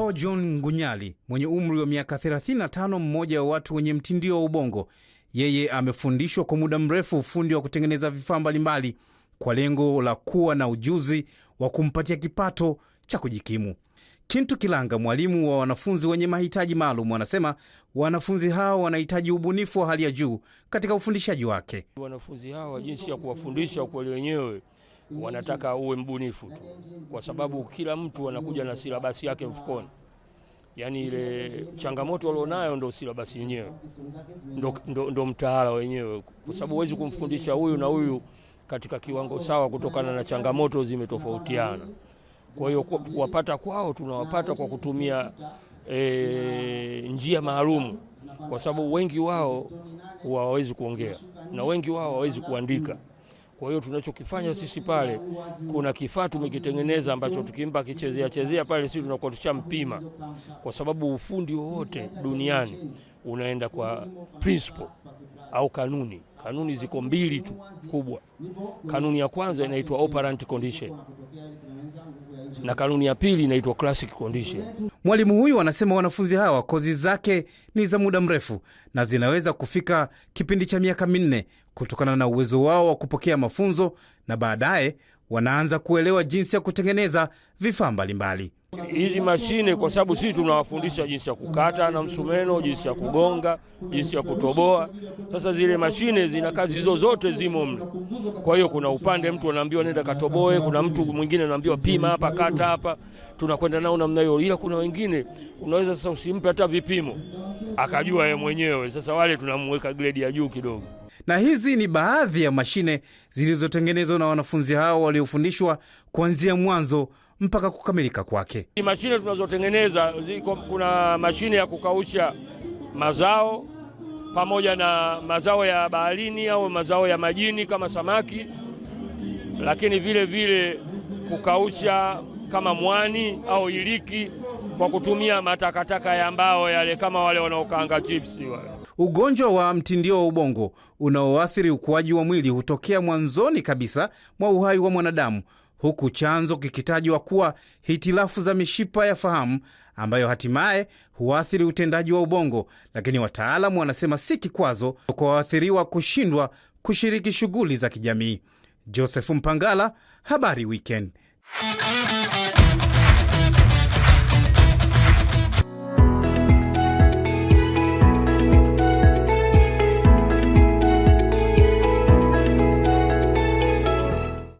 Paul John Ngunyali mwenye umri wa miaka 35, mmoja wa watu wenye mtindio wa ubongo. Yeye amefundishwa kwa muda mrefu ufundi wa kutengeneza vifaa mbalimbali kwa lengo la kuwa na ujuzi wa kumpatia kipato cha kujikimu. Kintu Kilanga, mwalimu wa wanafunzi wenye mahitaji maalum, anasema wanafunzi hao wanahitaji ubunifu wa hali ya juu katika ufundishaji wake. Wanafunzi hao jinsi ya kuwafundisha ukweli wenyewe wanataka uwe mbunifu tu, kwa sababu kila mtu anakuja na silabasi yake mfukoni. Yaani ile changamoto walionayo ndo silabasi yenyewe, ndo, ndo, ndo mtaala wenyewe, kwa sababu huwezi kumfundisha huyu na huyu katika kiwango sawa, kutokana na changamoto zimetofautiana. Kwa hiyo kuwapata kwao tunawapata kwa kutumia e, njia maalum, kwa sababu wengi wao hawawezi kuongea na wengi wao hawawezi kuandika. Kwa hiyo tunachokifanya sisi pale, kuna kifaa tumekitengeneza ambacho tukimpa kichezea chezea pale, sisi tunakuwa tushampima, kwa sababu ufundi wowote duniani unaenda kwa principle au kanuni. Kanuni ziko mbili tu kubwa. Kanuni ya kwanza inaitwa operant condition na kanuni ya pili inaitwa classic condition. Mwalimu huyu anasema wanafunzi hawa kozi zake ni za muda mrefu na zinaweza kufika kipindi cha miaka minne kutokana na uwezo wao wa kupokea mafunzo na baadaye wanaanza kuelewa jinsi ya kutengeneza vifaa mbalimbali hizi mashine, kwa sababu sisi tunawafundisha jinsi ya kukata na msumeno, jinsi ya kugonga, jinsi ya kutoboa. Sasa zile mashine zina kazi hizo zote zimo mle. Kwa hiyo kuna upande mtu anaambiwa nenda katoboe, kuna mtu mwingine anaambiwa pima hapa, kata hapa, tunakwenda nao namna hiyo. Ila kuna wengine unaweza sasa usimpe hata vipimo, akajua yeye mwenyewe. Sasa wale tunamweka gredi ya juu kidogo. Na hizi ni baadhi ya mashine zilizotengenezwa na wanafunzi hao waliofundishwa kuanzia mwanzo mpaka kukamilika kwake. Mashine tunazotengeneza ziko, kuna mashine ya kukausha mazao pamoja na mazao ya baharini au mazao ya majini kama samaki, lakini vile vile kukausha kama mwani au iliki kwa kutumia matakataka ya mbao yale kama wale wanaokaanga chipsi wale. Ugonjwa wa mtindio wa ubongo unaoathiri ukuaji wa mwili hutokea mwanzoni kabisa mwa uhai wa mwanadamu, huku chanzo kikitajwa kuwa hitilafu za mishipa ya fahamu ambayo hatimaye huathiri utendaji wa ubongo. Lakini wataalamu wanasema si kikwazo kwa waathiriwa kushindwa kushiriki shughuli za kijamii. Joseph Mpangala, Habari Weekend.